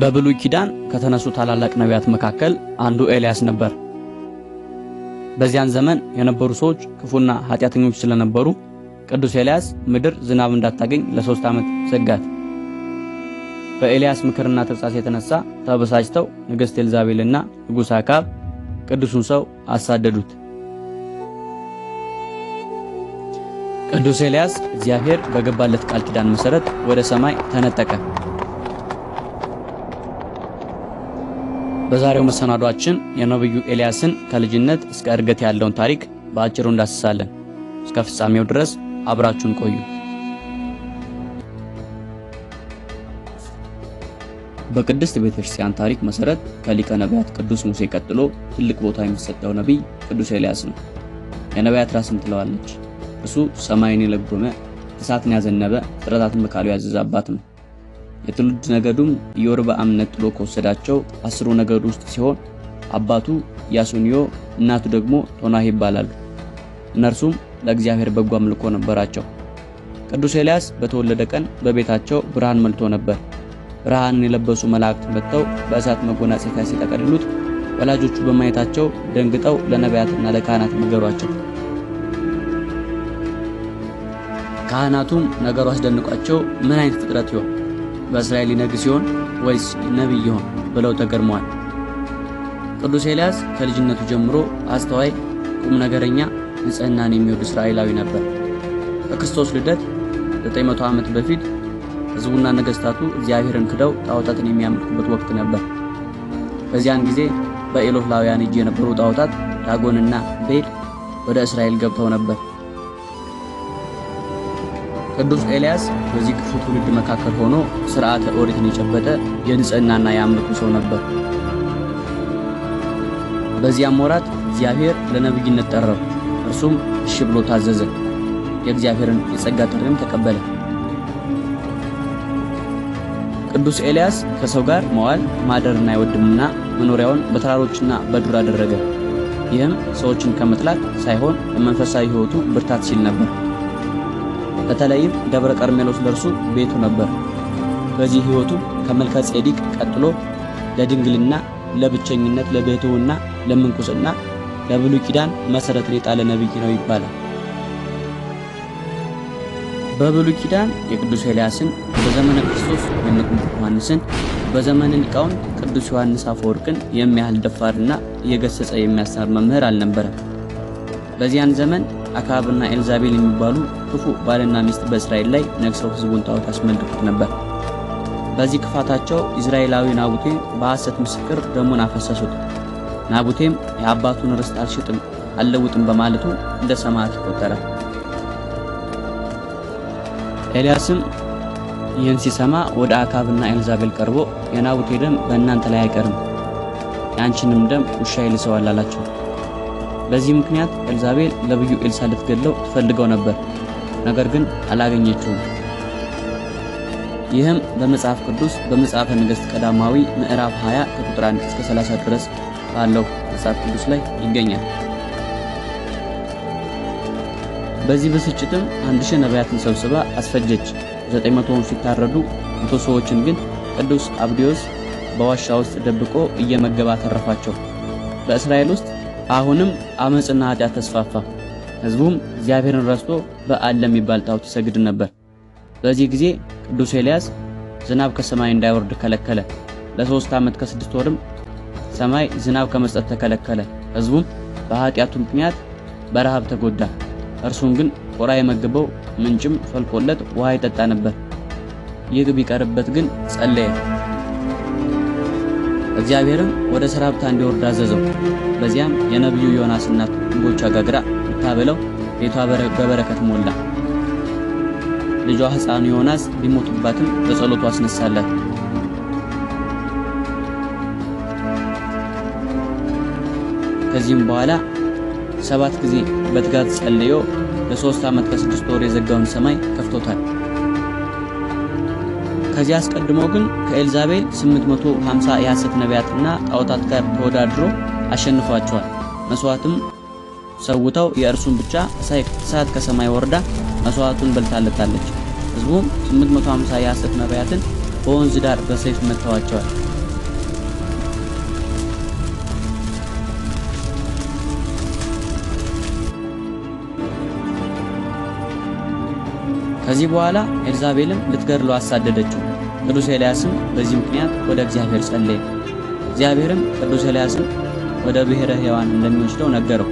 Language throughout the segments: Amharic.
በብሉይ ኪዳን ከተነሱ ታላላቅ ነቢያት መካከል አንዱ ኤልያስ ነበር። በዚያን ዘመን የነበሩ ሰዎች ክፉና ኃጢአተኞች ስለነበሩ ቅዱስ ኤልያስ ምድር ዝናብ እንዳታገኝ ለሶስት ዓመት ዘጋት። በኤልያስ ምክርና ተግሣጽ የተነሳ ተበሳጭተው ንግሥት ኤልዛቤልና ንጉሥ አካብ ቅዱሱን ሰው አሳደዱት። ቅዱስ ኤልያስ እግዚአብሔር በገባለት ቃል ኪዳን መሠረት ወደ ሰማይ ተነጠቀ። በዛሬው መሰናዷችን የነብዩ ኤልያስን ከልጅነት እስከ እድገት ያለውን ታሪክ በአጭሩ እንዳስሳለን። እስከ ፍጻሜው ድረስ አብራችሁን ቆዩ። በቅድስት ቤተ ክርስቲያን ታሪክ መሰረት ከሊቀ ነቢያት ቅዱስ ሙሴ ቀጥሎ ትልቅ ቦታ የሚሰጠው ነቢይ ቅዱስ ኤልያስ ነው። የነቢያት ራስም ትለዋለች። እሱ ሰማይን የለጎመ እሳትን ያዘነበ ፍጥረታትን በቃሉ ያዘዘ አባት ነው። የትውልድ ነገዱም ኢዮርብዓም ነጥሎ ከወሰዳቸው አስሩ ነገድ ውስጥ ሲሆን አባቱ ያሱንዮ እናቱ ደግሞ ቶናህ ይባላሉ። እነርሱም ለእግዚአብሔር በጎ አምልኮ ነበራቸው። ቅዱስ ኤልያስ በተወለደ ቀን በቤታቸው ብርሃን መልቶ ነበር። ብርሃንን የለበሱ መላእክት መጥተው በእሳት መጎናጸፊያ ሲጠቀልሉት ወላጆቹ በማየታቸው ደንግጠው ለነቢያትና ለካህናት ነገሯቸው። ካህናቱም ነገሩ አስደንቋቸው ምን አይነት ፍጥረት ይሆን በእስራኤል ሊነግስ ይሆን ወይስ ነቢይ ይሆን ብለው ተገርመዋል። ቅዱስ ኤልያስ ከልጅነቱ ጀምሮ አስተዋይ፣ ቁም ነገረኛ፣ ንጽህናን የሚወድ እስራኤላዊ ነበር። ከክርስቶስ ልደት 900 ዓመት በፊት ህዝቡና ነገስታቱ እግዚአብሔርን ክደው ጣዖታትን የሚያመልኩበት ወቅት ነበር። በዚያን ጊዜ በኤሎፍላውያን እጅ የነበሩ ጣዖታት ዳጎንና ቤል ወደ እስራኤል ገብተው ነበር። ቅዱስ ኤልያስ በዚህ ክፉ ትውልድ መካከል ሆኖ ሥርዓተ ኦሪትን የጨበጠ የንጽህናና የአምልኮ ሰው ነበር። በዚያም ወራት እግዚአብሔር ለነቢይነት ጠራው። እርሱም እሺ ብሎ ታዘዘ። የእግዚአብሔርን የጸጋ ጥሪም ተቀበለ። ቅዱስ ኤልያስ ከሰው ጋር መዋል ማደርን አይወድምና መኖሪያውን በተራሮችና በዱር አደረገ። ይህም ሰዎችን ከመጥላት ሳይሆን ለመንፈሳዊ ሕይወቱ ብርታት ሲል ነበር። በተለይም ደብረ ቀርሜሎስ ለእርሱ ቤቱ ነበር። በዚህ ሕይወቱ ከመልከ ጼዴቅ ቀጥሎ ለድንግልና፣ ለብቸኝነት፣ ለብሕትውና፣ ለምንኩስና፣ ለብሉይ ኪዳን መሠረትን የጣለ ነቢይ ነው ይባላል። በብሉይ ኪዳን የቅዱስ ኤልያስን፣ በዘመነ ክርስቶስ የመጥምቁ ዮሐንስን፣ በዘመነ ሊቃውንት ቅዱስ ዮሐንስ አፈወርቅን የሚያህል ደፋርና የገሰጸ የሚያስተምር መምህር አልነበረም። በዚያን ዘመን አካብና ኤልዛቤል የሚባሉ ክፉ ባልና ሚስት በእስራኤል ላይ ነግሰው ሕዝቡን ጣዖት ያስመልኩት ነበር። በዚህ ክፋታቸው እስራኤላዊ ናቡቴ በሐሰት ምስክር ደሙን አፈሰሱት። ናቡቴም የአባቱን ርስት አልሽጥም አልለውጥም በማለቱ እንደ ሰማዕት ተቆጠረ። ኤልያስም ይህን ሲሰማ ወደ አካብና ኤልዛቤል ቀርቦ የናቡቴ ደም በእናንተ ላይ አይቀርም፣ የአንቺንም ደም ውሻ ይልሰዋል አላቸው። በዚህ ምክንያት ኤልዛቤል ለብዩ ኤልሳ ልትገድለው ትፈልገው ነበር፣ ነገር ግን አላገኘችውም። ይህም በመጽሐፍ ቅዱስ በመጽሐፈ ነገሥት ቀዳማዊ ምዕራፍ 20 ከቁጥር 1 እስከ 30 ድረስ ባለው መጽሐፍ ቅዱስ ላይ ይገኛል። በዚህ ብስጭትም አንድ ሺህ ነቢያትን ሰብስባ አስፈጀች። 900ውን ሲታረዱ መቶ ሰዎችን ግን ቅዱስ አብዲዮስ በዋሻ ውስጥ ደብቆ እየመገባ ተረፋቸው። በእስራኤል ውስጥ አሁንም አመፅና ኃጢአት ተስፋፋ። ህዝቡም እግዚአብሔርን ረስቶ በአል ለሚባል ጣዖት ይሰግድ ነበር። በዚህ ጊዜ ቅዱስ ኤልያስ ዝናብ ከሰማይ እንዳይወርድ ከለከለ። ለሶስት ዓመት ከስድስት ወርም ሰማይ ዝናብ ከመስጠት ተከለከለ። ህዝቡም በኃጢአቱ ምክንያት በረሃብ ተጎዳ። እርሱን ግን ቁራ የመገበው ምንጭም ፈልቆለት ውሃ ይጠጣ ነበር። ይህ ቢቀርበት ግን ጸለየ። እግዚአብሔርም ወደ ሰራብታ እንዲወርድ አዘዘው። በዚያም የነቢዩ ዮናስ እናት እንቦቿ ጋግራ ብታበለው ቤቷ በበረከት ሞላ። ልጇ ሕፃኑ ዮናስ ቢሞቱባትም በጸሎቱ አስነሳላት። ከዚህም በኋላ ሰባት ጊዜ በትጋት ጸልዮ ለሶስት ዓመት ከስድስት ወር የዘጋውን ሰማይ ከፍቶታል። ከዚህ አስቀድሞ ግን ከኤልዛቤል 850 የሐሰት ነቢያትና ጣዖታት ጋር ተወዳድሮ አሸንፏቸዋል። መስዋዕትም ሰውተው የእርሱን ብቻ እሳት ከሰማይ ወርዳ መስዋዕቱን በልታለታለች። ህዝቡም 850 የሐሰት ነቢያትን በወንዝ ዳር በሰይፍ መጥተዋቸዋል። ከዚህ በኋላ ኤልዛቤልም ልትገድለው አሳደደችው። ቅዱስ ኤልያስም በዚህ ምክንያት ወደ እግዚአብሔር ጸለየ። እግዚአብሔርም ቅዱስ ኤልያስን ወደ ብሔረ ሕያዋን እንደሚወስደው ነገረው።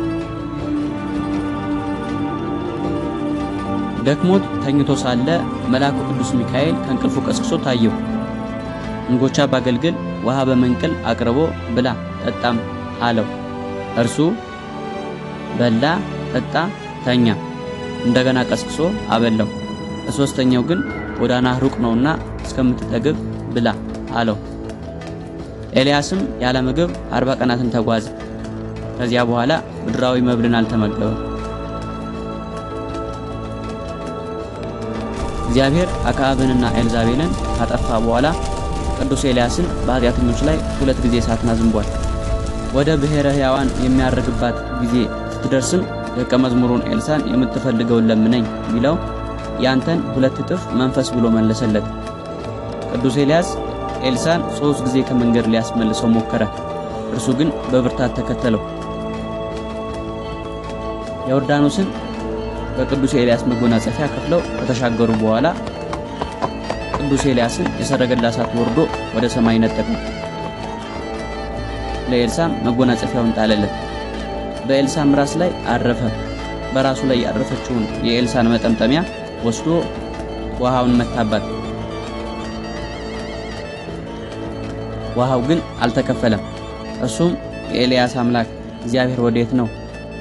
ደክሞት ተኝቶ ሳለ መልአኩ ቅዱስ ሚካኤል ከእንቅልፉ ቀስቅሶ ታየው። እንጎቻ ባገልግል ውሃ በመንቅል አቅርቦ ብላ ጠጣም አለው። እርሱ በላ፣ ጠጣ፣ ተኛ። እንደገና ቀስቅሶ አበላው። ሶስተኛው ግን ጎዳና ሩቅ ነውና እስከምትጠግብ ብላ አለው። ኤልያስም ያለ ምግብ አርባ ቀናትን ተጓዘ። ከዚያ በኋላ ምድራዊ መብልን አልተመገበም። እግዚአብሔር አክዓብንና ኤልዛቤልን ካጠፋ በኋላ ቅዱስ ኤልያስን በኃጢአተኞች ላይ ሁለት ጊዜ እሳትን አዝንቧል። ወደ ብሔረ ሕያዋን የሚያርግባት ጊዜ ስትደርስም ደቀ መዝሙሩን ኤልሳን የምትፈልገውን ለምነኝ ቢለው ያንተን ሁለት እጥፍ መንፈስ ብሎ መለሰለት። ቅዱስ ኤልያስ ኤልሳን ሦስት ጊዜ ከመንገድ ሊያስመልሰው ሞከረ። እርሱ ግን በብርታት ተከተለው። ዮርዳኖስን በቅዱስ ኤልያስ መጎናጸፊያ ከፍለው ከተሻገሩ በኋላ ቅዱስ ኤልያስን የሰረገላ እሳት ወርዶ ወደ ሰማይ ነጠቀ። ለኤልሳም መጎናጸፊያውን ጣለለት። በኤልሳም ራስ ላይ አረፈ። በራሱ ላይ ያረፈችውን የኤልሳን መጠምጠሚያ ወስዶ ውሃውን መታባት። ውሃው ግን አልተከፈለም። እሱም የኤልያስ አምላክ እግዚአብሔር ወዴት ነው?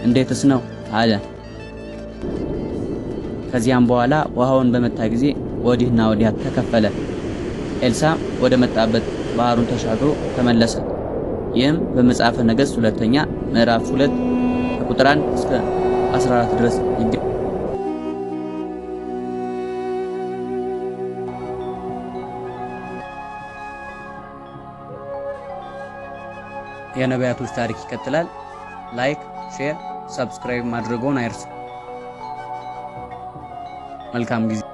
እንዴትስ ነው አለ። ከዚያም በኋላ ውሃውን በመታ ጊዜ ወዲህና ወዲያ ተከፈለ። ኤልሳም ወደ መጣበት ባህሩን ተሻግሮ ተመለሰ። ይህም በመጽሐፈ ነገሥት ሁለተኛ ምዕራፍ 2 ከቁጥር 1 እስከ 14 ድረስ ይገኛል። የነቢያቶች ታሪክ ይቀጥላል። ላይክ፣ ሼር፣ ሰብስክራይብ ማድረጎን አይርሱ። መልካም ጊዜ